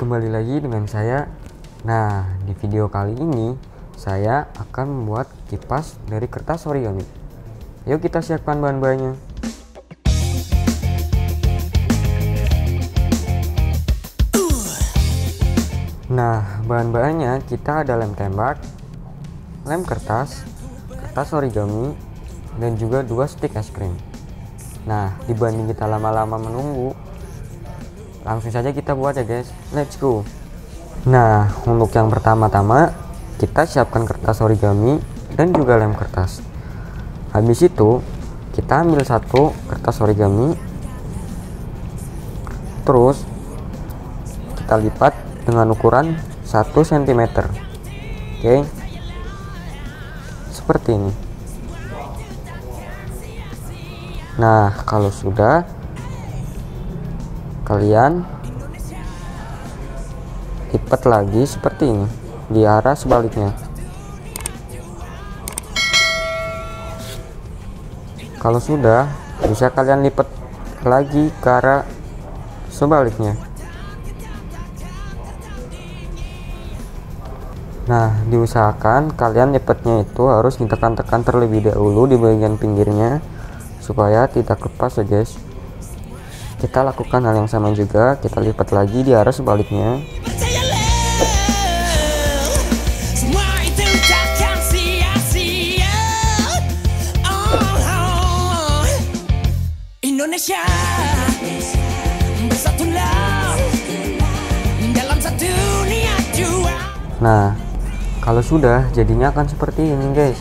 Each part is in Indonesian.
kembali lagi dengan saya. Nah, di video kali ini saya akan membuat kipas dari kertas origami. Yuk kita siapkan bahan-bahannya. Nah, bahan-bahannya kita ada lem tembak, lem kertas, kertas origami, dan juga dua stick es krim. Nah, dibanding kita lama-lama menunggu, langsung saja kita buat ya guys let's go nah untuk yang pertama-tama kita siapkan kertas origami dan juga lem kertas habis itu kita ambil satu kertas origami terus kita lipat dengan ukuran 1 cm oke okay. seperti ini nah kalau sudah kalian lipat lagi seperti ini di arah sebaliknya kalau sudah bisa kalian lipat lagi ke arah sebaliknya nah diusahakan kalian lipatnya itu harus ditekan-tekan terlebih dahulu di bagian pinggirnya supaya tidak lepas ya guys kita lakukan hal yang sama juga kita lipat lagi di arah sebaliknya Nah, kalau sudah jadinya akan seperti ini guys.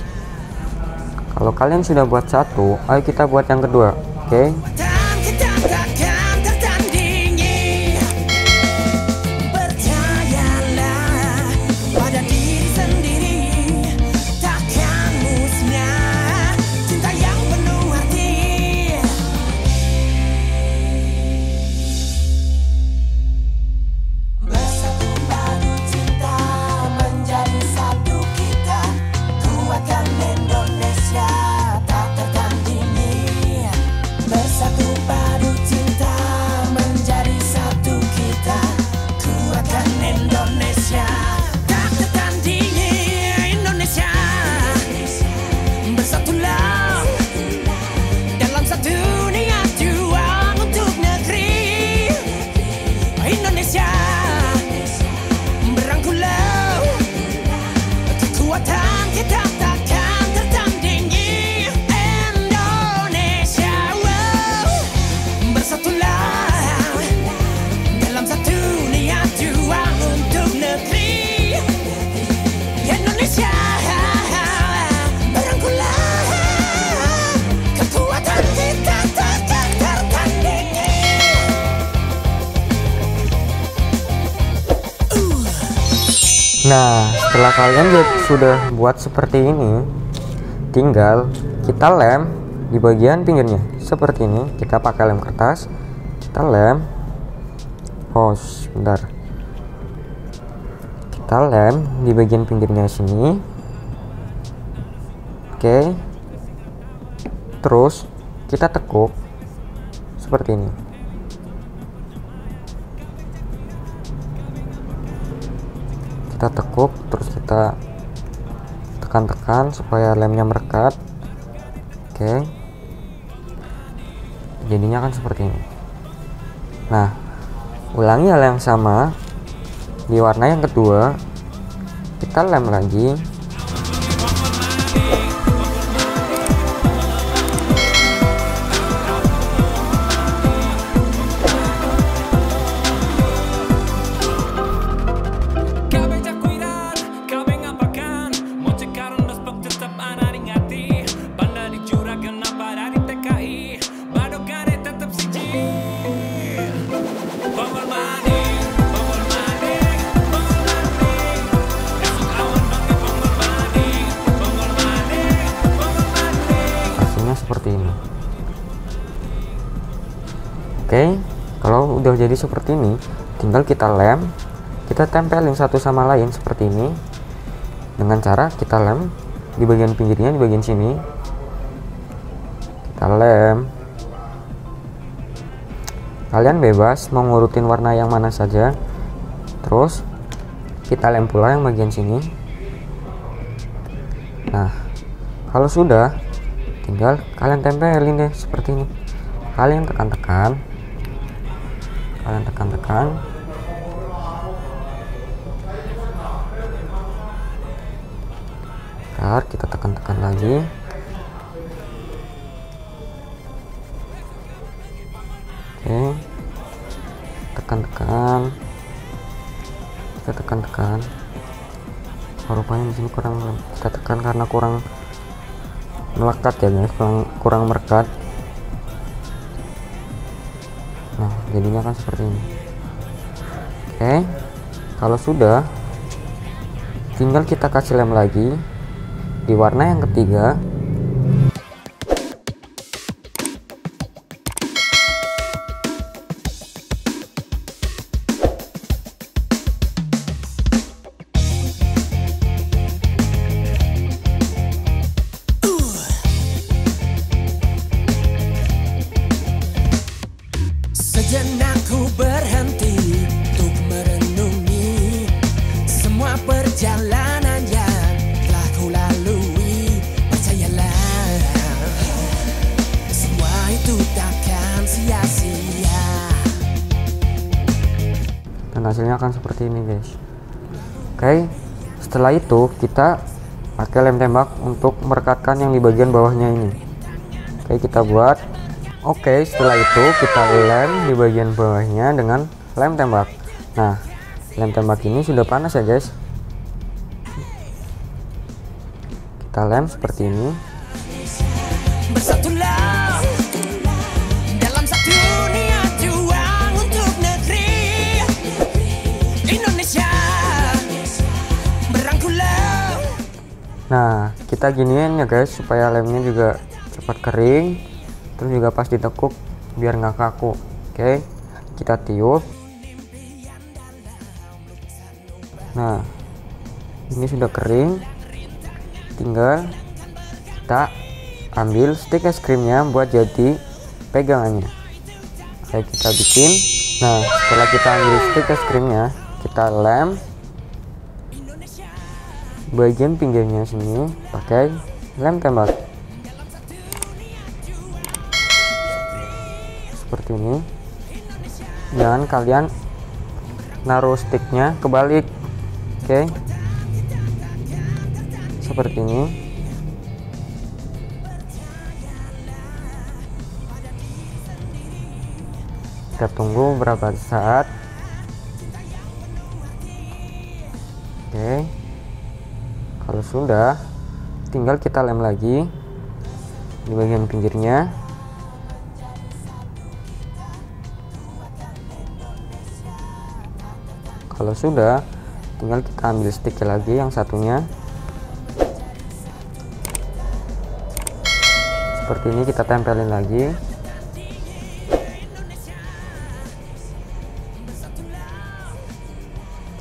Kalau kalian sudah buat satu, ayo kita buat yang kedua, oke? Okay? Nah, setelah kalian sudah buat seperti ini, tinggal kita lem di bagian pinggirnya. Seperti ini, kita pakai lem kertas, kita lem. Oh, sebentar. Kita lem di bagian pinggirnya sini. Oke. Terus kita tekuk seperti ini. kita tekuk terus kita tekan-tekan supaya lemnya merekat oke okay. jadinya akan seperti ini nah ulangi hal yang sama di warna yang kedua kita lem lagi Kalau udah jadi seperti ini, tinggal kita lem, kita tempelin satu sama lain seperti ini. Dengan cara kita lem di bagian pinggirnya, di bagian sini. Kita lem. Kalian bebas mengurutin warna yang mana saja. Terus kita lem pula yang bagian sini. Nah, kalau sudah tinggal kalian tempelin deh seperti ini. Kalian tekan-tekan kalian tekan-tekan ntar kita tekan-tekan lagi oke tekan-tekan kita tekan-tekan oh, rupanya di sini kurang kita tekan karena kurang melekat ya guys kurang, kurang merekat jadinya kan seperti ini oke kalau sudah tinggal kita kasih lem lagi di warna yang ketiga dan hasilnya akan seperti ini guys oke okay. setelah itu kita pakai lem tembak untuk merekatkan yang di bagian bawahnya ini oke okay, kita buat oke okay, setelah itu kita lem di bagian bawahnya dengan lem tembak nah lem tembak ini sudah panas ya guys kita lem seperti ini nah kita giniin ya guys supaya lemnya juga cepat kering terus juga pas ditekuk biar nggak kaku oke okay. kita tiup nah ini sudah kering tinggal kita ambil stick es krimnya buat jadi pegangannya oke kita bikin nah setelah kita ambil stick es krimnya kita lem bagian pinggirnya sini pakai lem tembak seperti ini jangan kalian naruh sticknya kebalik oke okay. seperti ini kita tunggu berapa saat oke okay sudah tinggal kita lem lagi di bagian pinggirnya kalau sudah tinggal kita ambil stick lagi yang satunya seperti ini kita tempelin lagi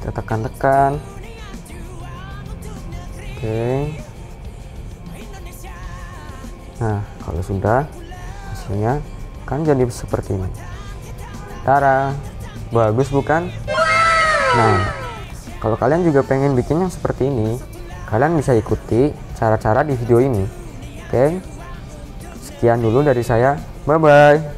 kita tekan-tekan oke nah kalau sudah hasilnya kan jadi seperti ini Tara bagus bukan nah kalau kalian juga pengen bikin yang seperti ini kalian bisa ikuti cara-cara di video ini oke sekian dulu dari saya bye bye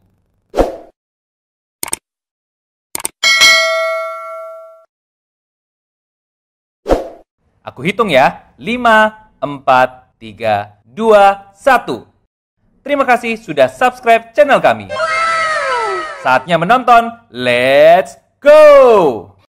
Aku hitung ya. 5, 4, 3, 2, 1. Terima kasih sudah subscribe channel kami. Saatnya menonton. Let's go!